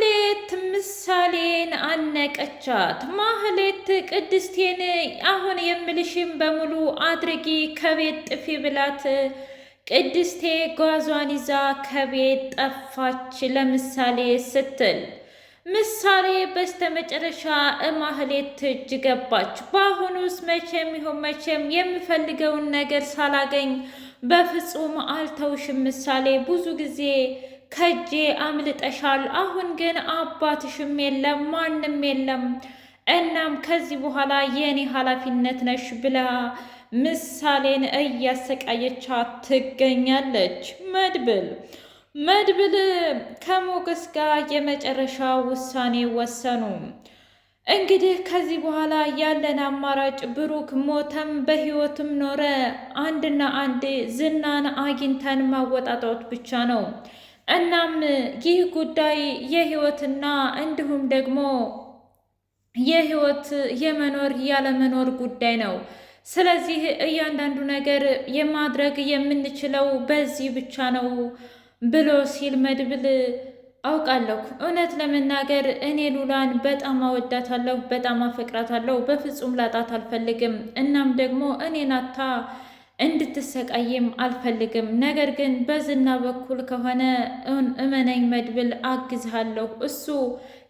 ማህሌት ምሳሌን አነቀቻት። ማህሌት ቅድስቴን አሁን የምልሽም በሙሉ አድርጊ ከቤት ጥፊ ብላት ቅድስቴ ጓዟን ይዛ ከቤት ጠፋች ለምሳሌ ስትል ምሳሌ በስተመጨረሻ እማህሌት እጅ ገባች። በአሁኑስ መቼም ይሁን መቼም የምፈልገውን ነገር ሳላገኝ በፍጹም አልተውሽም ምሳሌ ብዙ ጊዜ ከጄ አምልጠሻል። አሁን ግን አባትሽም የለም ማንም የለም። እናም ከዚህ በኋላ የእኔ ኃላፊነት ነሽ ብላ ምሳሌን እያሰቃየቻት ትገኛለች። መድብል መድብል ከሞገስ ጋር የመጨረሻ ውሳኔ ወሰኑ። እንግዲህ ከዚህ በኋላ ያለን አማራጭ ብሩክ ሞተም በሕይወትም ኖረ አንድና አንድ ዝናን አግኝተን ማወጣጣት ብቻ ነው። እናም ይህ ጉዳይ የህይወትና እንዲሁም ደግሞ የህይወት የመኖር ያለመኖር ጉዳይ ነው። ስለዚህ እያንዳንዱ ነገር የማድረግ የምንችለው በዚህ ብቻ ነው ብሎ ሲል መድብል አውቃለሁ እውነት ለመናገር እኔ ሉላን በጣም አወዳታለሁ፣ በጣም አፈቅራታለሁ። በፍጹም ላጣት አልፈልግም። እናም ደግሞ እኔ ናታ እንድትሰቃይም አልፈልግም። ነገር ግን በዝና በኩል ከሆነ እመነኝ መድብል አግዝሃለሁ። እሱ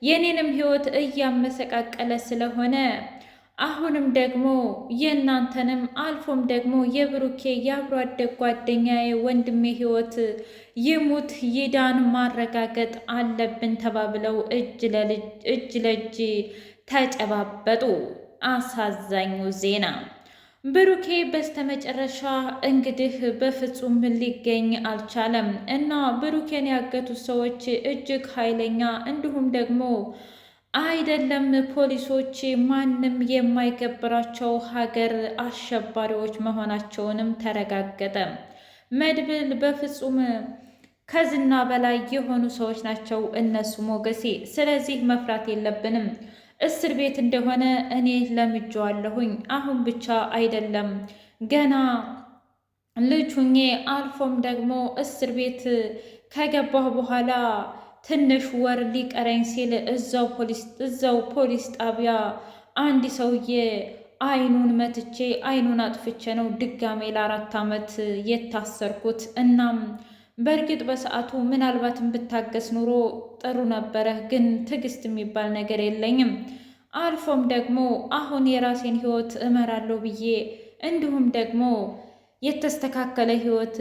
የኔንም ህይወት እያመሰቃቀለ ስለሆነ አሁንም ደግሞ የእናንተንም አልፎም ደግሞ የብሩኬ የአብሮ አደግ ጓደኛዬ ወንድሜ ህይወት ይሙት ይዳን ማረጋገጥ አለብን ተባብለው እጅ ለእጅ ተጨባበጡ። አሳዛኙ ዜና ብሩኬ በስተመጨረሻ እንግዲህ በፍጹም ሊገኝ አልቻለም እና ብሩኬን ያገቱት ሰዎች እጅግ ኃይለኛ እንዲሁም ደግሞ አይደለም ፖሊሶች ማንም የማይገብራቸው ሀገር አሸባሪዎች መሆናቸውንም ተረጋገጠ። መድብል በፍጹም ከዝና በላይ የሆኑ ሰዎች ናቸው እነሱ ሞገሴ። ስለዚህ መፍራት የለብንም። እስር ቤት እንደሆነ እኔ ለምጄዋለሁኝ። አሁን ብቻ አይደለም ገና ልጅ ሁኜ አልፎም ደግሞ እስር ቤት ከገባሁ በኋላ ትንሽ ወር ሊቀረኝ ሲል እዛው ፖሊስ እዛው ፖሊስ ጣቢያ አንድ ሰውዬ አይኑን መትቼ አይኑን አጥፍቼ ነው ድጋሜ ለአራት ዓመት የታሰርኩት እናም በእርግጥ በሰዓቱ ምናልባትም ብታገስ ኑሮ ጥሩ ነበረ፣ ግን ትዕግስት የሚባል ነገር የለኝም። አልፎም ደግሞ አሁን የራሴን ህይወት እመራለሁ ብዬ እንዲሁም ደግሞ የተስተካከለ ህይወት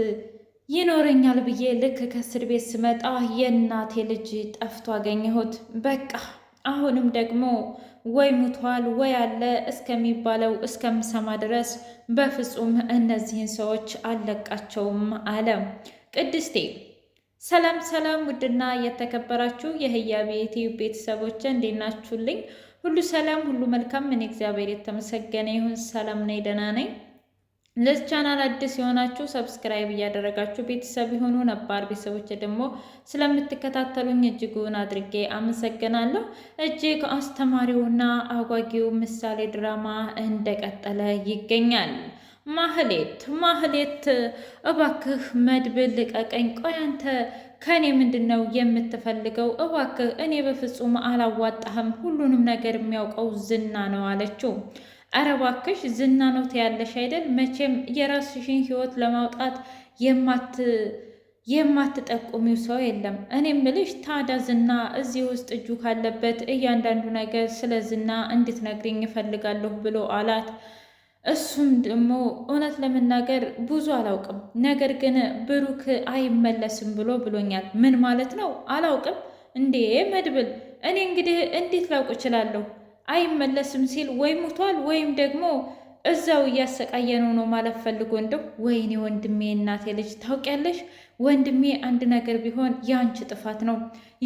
ይኖረኛል ብዬ ልክ ከእስር ቤት ስመጣ የእናቴ ልጅ ጠፍቶ አገኘሁት። በቃ አሁንም ደግሞ ወይ ሙቷል ወይ አለ እስከሚባለው እስከምሰማ ድረስ በፍጹም እነዚህን ሰዎች አልለቃቸውም አለ። ቅድስቴ ሰላም ሰላም፣ ውድና የተከበራችሁ የህያቤ ዩቲዩብ ቤተሰቦች እንዴት ናችሁልኝ? ሁሉ ሰላም፣ ሁሉ መልካም። ምን እግዚአብሔር የተመሰገነ ይሁን። ሰላም ነኝ፣ ደህና ነኝ። ለዚህ ቻናል አዲስ የሆናችሁ ሰብስክራይብ እያደረጋችሁ ቤተሰብ የሆኑ ነባር ቤተሰቦች ደግሞ ስለምትከታተሉኝ እጅጉን አድርጌ አመሰግናለሁ። እጅግ አስተማሪውና አጓጊው ምሳሌ ድራማ እንደቀጠለ ይገኛል። ማህሌት ማህሌት እባክህ መድብል ልቀቀኝ። ቆይ አንተ ከእኔ ምንድን ነው የምትፈልገው? እባክህ እኔ በፍጹም አላዋጣህም። ሁሉንም ነገር የሚያውቀው ዝና ነው አለችው። አረ እባክሽ ዝና ነው ትያለሽ አይደል? መቼም የራስሽን ህይወት ለማውጣት የማት የማትጠቁሚው ሰው የለም። እኔም ብልሽ ታዳ ዝና እዚህ ውስጥ እጁ ካለበት እያንዳንዱ ነገር ስለ ዝና እንድትነግሪኝ እፈልጋለሁ ብሎ አላት። እሱም ደግሞ እውነት ለመናገር ብዙ አላውቅም፣ ነገር ግን ብሩክ አይመለስም ብሎ ብሎኛል። ምን ማለት ነው? አላውቅም እንዴ መድብል፣ እኔ እንግዲህ እንዴት ላውቅ እችላለሁ? አይመለስም ሲል ወይ ሙቷል ወይም ደግሞ እዛው እያሰቃየ ነው ነው ማለት ፈልጎ እንደው ወይኔ ወንድሜ፣ እናቴ ልጅ ታውቂያለሽ፣ ወንድሜ አንድ ነገር ቢሆን ያንቺ ጥፋት ነው።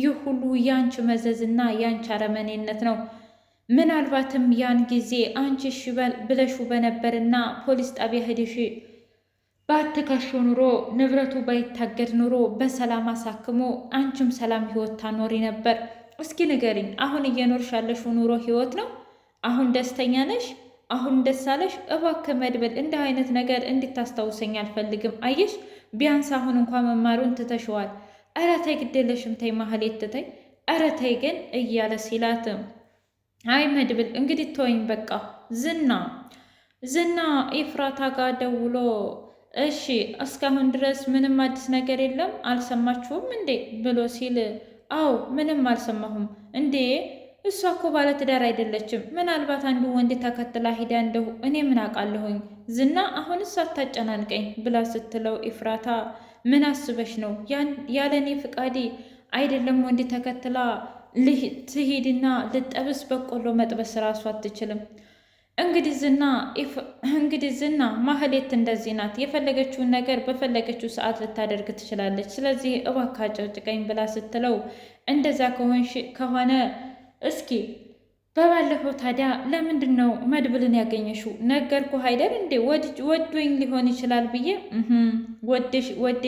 ይህ ሁሉ ያንቺ መዘዝና ያንቺ አረመኔነት ነው ምናልባትም ያን ጊዜ አንቺ እሺ ብለሹ በነበርና ፖሊስ ጣቢያ ሄደሽ ባትከሽው ኑሮ ንብረቱ ባይታገድ ኑሮ በሰላም አሳክሞ አንቺም ሰላም ህይወት ታኖሪ ነበር። እስኪ ንገሪኝ፣ አሁን እየኖርሽ ያለሽው ኑሮ ህይወት ነው? አሁን ደስተኛ ነሽ? አሁን ደስ አለሽ? እባክህ መድብል እንዲህ አይነት ነገር እንድታስታውሰኝ አልፈልግም። አየሽ፣ ቢያንስ አሁን እንኳን መማሩን ትተሸዋል። ኧረ ተይ፣ ግድ የለሽም ተይ፣ ማህሌት ትተይ፣ ኧረ ተይ ግን እያለ ሲላትም አይ መድብል እንግዲህ ተወኝ በቃ ዝና ዝና ኤፍራታ ጋር ደውሎ እሺ እስካሁን ድረስ ምንም አዲስ ነገር የለም አልሰማችሁም እንዴ ብሎ ሲል አው ምንም አልሰማሁም እንዴ እሷ እኮ ባለትዳር አይደለችም ምናልባት አንዱ ወንድ ተከትላ ሂዳ እንደሁ እኔ ምን አውቃለሁኝ ዝና አሁንስ አታጨናንቀኝ ብላ ስትለው ኤፍራታ ምን አስበሽ ነው ያለኔ ፍቃዴ አይደለም ወንድ ተከትላ ትሄድና ልጠብስ በቆሎ መጥበስ ራሱ አትችልም። እንግዲህ ዝና ማህሌት እንደዚህ ናት፣ የፈለገችውን ነገር በፈለገችው ሰዓት ልታደርግ ትችላለች። ስለዚህ እባካ አጨቅጭቀኝ ብላ ስትለው እንደዛ ከሆነ እስኪ በባለፈው ታዲያ ለምንድን ነው መድብልን ያገኘሽው? ነገርኩህ አይደል እንዴ? ወዶኝ ሊሆን ይችላል ብዬ ወዴ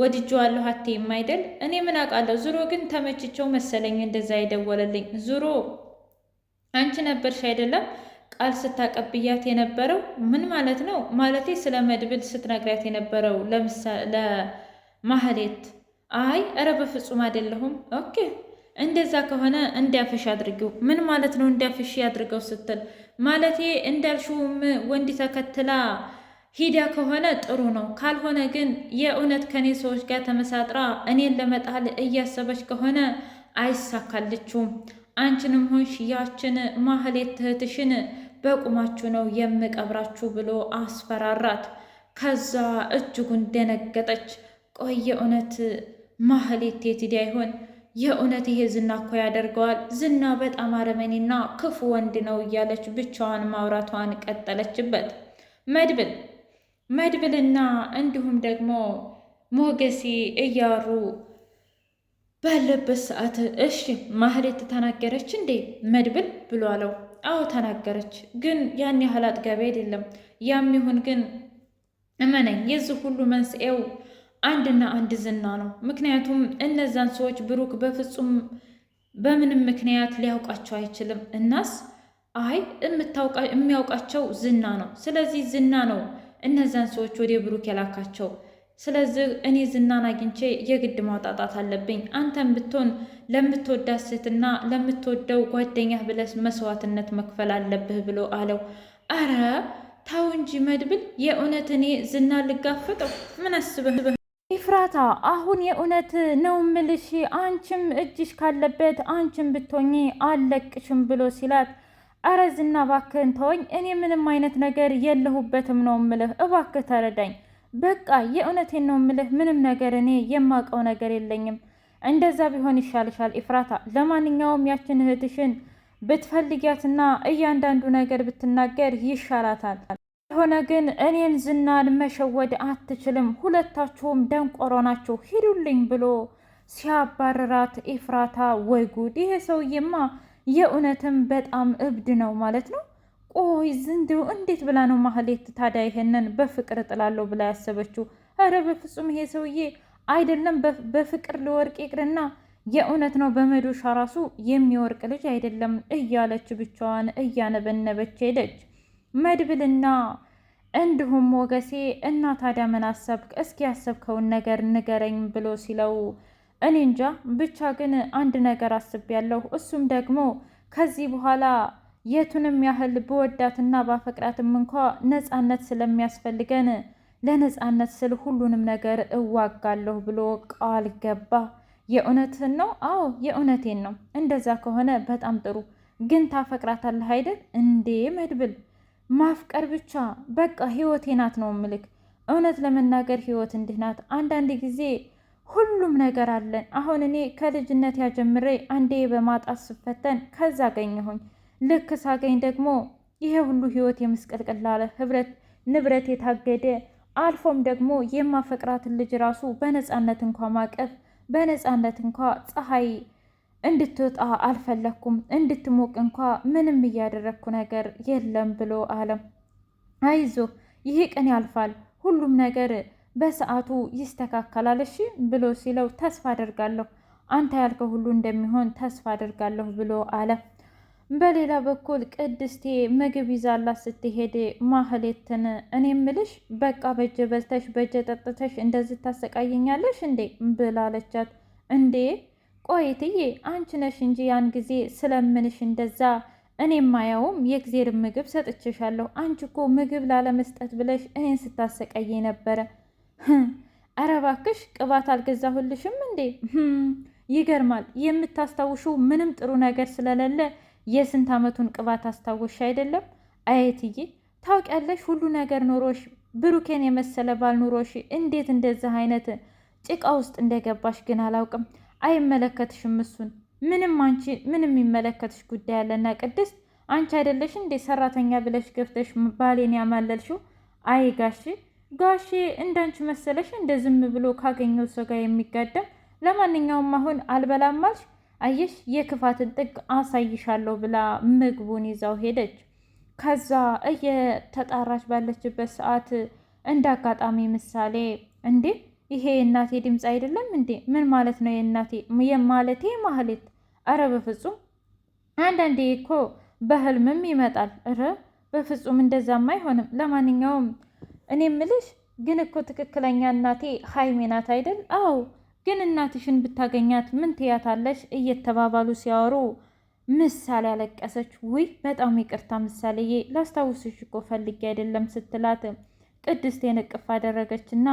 ወድጄዋለሁ አትይም አይደል? እኔ ምን አውቃለሁ። ዙሮ ግን ተመችቸው መሰለኝ እንደዛ የደወለልኝ። ዙሮ አንቺ ነበርሽ አይደለም ቃል ስታቀብያት የነበረው ምን ማለት ነው? ማለቴ ስለ መድብል ስትነግሪያት የነበረው ለማህሌት። አይ እረ በፍጹም አይደለሁም። ኦኬ እንደዛ ከሆነ እንዲያፍሽ አድርጊው። ምን ማለት ነው እንዲያፍሽ ያድርገው ስትል? ማለቴ እንዳልሽውም ወንድ ተከትላ ሂዳ ከሆነ ጥሩ ነው። ካልሆነ ግን የእውነት ከኔ ሰዎች ጋር ተመሳጥራ እኔን ለመጣል እያሰበች ከሆነ አይሳካልችውም። አንቺንም ሆንሽ ያችን ማህሌት ትህትሽን በቁማችሁ ነው የምቀብራችሁ ብሎ አስፈራራት። ከዛ እጅጉን ደነገጠች። ቆይ የእውነት ማህሌት የት ይሆን? የእውነት ይሄ ዝና እኮ ያደርገዋል። ዝና በጣም አረመኔና ክፉ ወንድ ነው እያለች ብቻዋን ማውራቷን ቀጠለችበት መድብል መድብልና እንዲሁም ደግሞ ሞገሴ እያሩ ባለበት ሰዓት እሺ ማህሌት ተናገረች እንዴ መድብል ብሎ አለው። አዎ ተናገረች፣ ግን ያን ያህል አጥጋቢ አይደለም። ያም ይሁን ግን እመነኝ የዚህ ሁሉ መንስኤው አንድና አንድ ዝና ነው። ምክንያቱም እነዛን ሰዎች ብሩክ በፍጹም በምንም ምክንያት ሊያውቃቸው አይችልም። እናስ አይ የሚያውቃቸው ዝና ነው። ስለዚህ ዝና ነው እነዚያን ሰዎች ወደ ብሩክ የላካቸው። ስለዚህ እኔ ዝናን አግኝቼ የግድ ማውጣጣት አለብኝ። አንተም ብትሆን ለምትወዳት ሴትና ለምትወደው ጓደኛህ ብለስ መስዋዕትነት መክፈል አለብህ ብሎ አለው። አረ ታውንጂ እንጂ መድብል፣ የእውነት እኔ ዝና ልጋፈጠው? ምን አስበህ ኢፍራታ፣ አሁን የእውነት ነው ምልሽ። አንቺም እጅሽ ካለበት አንቺም ብትሆኚ አለቅሽም ብሎ ሲላት አረዝና ዝና እባክህን ተወኝ፣ እኔ ምንም አይነት ነገር የለሁበትም ነው ምልህ እባክህ ተረዳኝ። በቃ የእውነቴን ነው ምልህ። ምንም ነገር እኔ የማውቀው ነገር የለኝም። እንደዛ ቢሆን ይሻልሻል ኢፍራታ። ለማንኛውም ያችን እህትሽን ብትፈልጊያትና እያንዳንዱ ነገር ብትናገር ይሻላታል። የሆነ ግን እኔን ዝናን መሸወድ አትችልም፣ ሁለታችሁም ደንቆሮ ናችሁ፣ ሂዱልኝ ብሎ ሲያባርራት ኢፍራታ፣ ወይ ጉድ! ይሄ ሰውዬማ የእውነትም በጣም እብድ ነው ማለት ነው። ቆይ ዝንድው እንዴት ብላ ነው ማህሌት ታዲያ ይሄንን በፍቅር እጥላለሁ ብላ ያሰበችው? እረ በፍጹም ይሄ ሰውዬ አይደለም በፍቅር ልወርቅ ይቅርና የእውነት ነው በመዶሻ ራሱ የሚወርቅ ልጅ አይደለም እያለች ብቻዋን እያነበነበች ሄደች። መድብልና እንዲሁም ሞገሴ እና ታዲያ ምን አሰብክ? እስኪ ያሰብከውን ነገር ንገረኝ ብሎ ሲለው እኔ እንጃ ብቻ ግን አንድ ነገር አስቤያለሁ። እሱም ደግሞ ከዚህ በኋላ የቱንም ያህል በወዳትና ባፈቅራትም እንኳ ነፃነት ስለሚያስፈልገን ለነፃነት ስል ሁሉንም ነገር እዋጋለሁ ብሎ ቃል ገባ። የእውነትን ነው? አዎ የእውነቴን ነው። እንደዛ ከሆነ በጣም ጥሩ። ግን ታፈቅራታለህ አይደል እንዴ? መድብል ማፍቀር ብቻ በቃ ህይወቴ ናት ነው ምልክ። እውነት ለመናገር ህይወት እንዲህ ናት። አንዳንድ ጊዜ ሁሉም ነገር አለን። አሁን እኔ ከልጅነት ያጀምሬ አንዴ በማጣት ስፈተን ከዛ አገኘሁኝ። ልክ ሳገኝ ደግሞ ይሄ ሁሉ ህይወት የምስቅልቅል አለ። ህብረት ንብረት የታገደ አልፎም ደግሞ የማፈቅራትን ልጅ ራሱ በነፃነት እንኳ ማቀፍ በነፃነት እንኳ ፀሐይ እንድትወጣ አልፈለግኩም። እንድትሞቅ እንኳ ምንም እያደረግኩ ነገር የለም ብሎ አለም። አይዞ ይሄ ቀን ያልፋል። ሁሉም ነገር በሰዓቱ ይስተካከላል እሺ ብሎ ሲለው ተስፋ አደርጋለሁ አንተ ያልከው ሁሉ እንደሚሆን ተስፋ አደርጋለሁ ብሎ አለ። በሌላ በኩል ቅድስቴ ምግብ ይዛላት ስትሄድ ማህሌትን እኔ ምልሽ በቃ በጀ በልተሽ በጀ ጠጥተሽ እንደዚህ ታሰቃየኛለሽ እንዴ ብላለቻት። እንዴ ቆይትዬ እትዬ አንቺ ነሽ እንጂ ያን ጊዜ ስለምንሽ እንደዛ እኔ ማየውም የእግዜር ምግብ ሰጥቼሻለሁ። አንቺ እኮ ምግብ ላለመስጠት ብለሽ እኔን ስታሰቃየ ነበረ ኧረ እባክሽ ቅባት አልገዛሁልሽም እንዴ? ይገርማል። የምታስታውሽው ምንም ጥሩ ነገር ስለሌለ የስንት ዓመቱን ቅባት አስታወሽ አይደለም? አየትዬ ታውቂያለሽ፣ ሁሉ ነገር ኑሮሽ ብሩኬን የመሰለ ባል ኑሮሽ እንዴት እንደዚህ አይነት ጭቃ ውስጥ እንደገባሽ ግን አላውቅም። አይመለከትሽም እሱን ምንም አንቺ ምንም የሚመለከትሽ ጉዳይ ያለና ቅድስት አንቺ አይደለሽ እንዴ ሰራተኛ ብለሽ ገብተሽ ባሌን ያማለልሽው? አይ ጋሼ እንዳንቺ መሰለሽ እንደ ዝም ብሎ ካገኘው ሰው ጋር የሚጋደም። ለማንኛውም አሁን አልበላማሽ አልሽ፣ አየሽ የክፋትን ጥግ አሳይሻለሁ ብላ ምግቡን ይዛው ሄደች። ከዛ እየተጣራች ባለችበት ሰዓት እንደ አጋጣሚ ምሳሌ እንዴ ይሄ የእናቴ ድምፅ አይደለም እንዴ? ምን ማለት ነው የእናቴ የማለቴ ማህሌት? አረ በፍጹም አንዳንዴ እኮ በህልምም ይመጣል። እረ በፍጹም እንደዛም አይሆንም። ለማንኛውም እኔ ምልሽ ግን እኮ ትክክለኛ እናቴ ሀይሜ ናት አይደል? አዎ። ግን እናትሽን ብታገኛት ምን ትያታለሽ? እየተባባሉ ሲያወሩ ምሳሌ ያለቀሰች። ውይ በጣም ይቅርታ ምሳሌዬ፣ ላስታውስሽ እኮ ፈልጌ አይደለም ስትላት ቅድስት የንቅፍ አደረገችና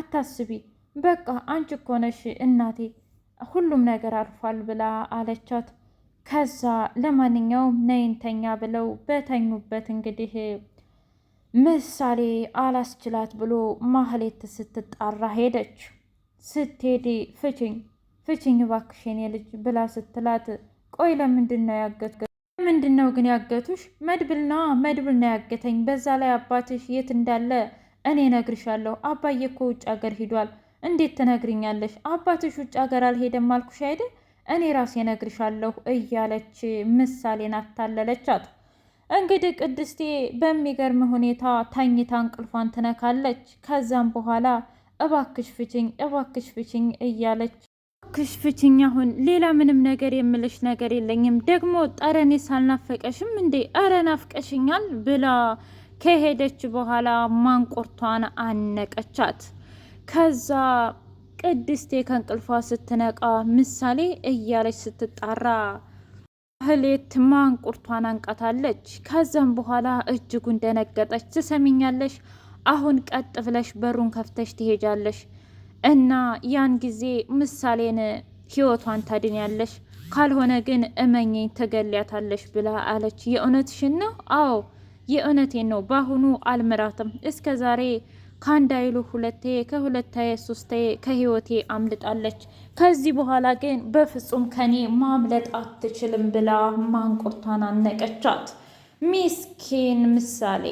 አታስቢ፣ በቃ አንቺ እኮ ነሽ እናቴ፣ ሁሉም ነገር አልፏል ብላ አለቻት። ከዛ ለማንኛውም ነይንተኛ ብለው በተኙበት እንግዲህ ምሳሌ አላስችላት ብሎ ማህሌት ስትጣራ ሄደች። ስትሄድ ፍችኝ ፍችኝ እባክሽ የልጅ ብላ ስትላት ቆይ ለምንድን ነው ያገት ምንድን ነው ግን ያገቱሽ? መድብልና መድብል ነው ያገተኝ። በዛ ላይ አባትሽ የት እንዳለ እኔ ነግርሻለሁ። አባዬ እኮ ውጭ ሀገር ሂዷል። እንዴት ትነግርኛለሽ? አባትሽ ውጭ ሀገር አልሄደም አልኩሽ አይደል? እኔ ራሴ ነግርሻለሁ እያለች ምሳሌን አታለለቻት። እንግዲህ ቅድስቴ በሚገርም ሁኔታ ተኝታ እንቅልፏን ትነካለች። ከዛም በኋላ እባክሽ ፍችኝ፣ እባክሽ ፍችኝ እያለች እባክሽ ፍችኝ፣ አሁን ሌላ ምንም ነገር የምልሽ ነገር የለኝም። ደግሞ ጠረኔስ አልናፈቀሽም እንዴ? ኧረ ናፍቀሽኛል ብላ ከሄደች በኋላ ማንቁርቷን አነቀቻት። ከዛ ቅድስቴ ከእንቅልፏ ስትነቃ ምሳሌ እያለች ስትጣራ ማህሌት ማንቁርቷን አንቃታለች። ከዛም በኋላ እጅጉን ደነገጠች። ትሰሚኛለሽ? አሁን ቀጥ ብለሽ በሩን ከፍተሽ ትሄጃለሽ እና ያን ጊዜ ምሳሌን ህይወቷን ታድንያለሽ፣ ካልሆነ ግን እመኘኝ ትገሊያታለሽ ብላ አለች። የእውነትሽን ነው? አዎ የእውነቴን ነው። በአሁኑ አልምራትም እስከ ዛሬ ከአንድ አይሉ ሁለቴ፣ ከሁለት አየት ሶስቴ ከህይወቴ አምልጣለች። ከዚህ በኋላ ግን በፍጹም ከኔ ማምለጥ አትችልም ብላ ማንቁርቷን አነቀቻት። ሚስኪን ምሳሌ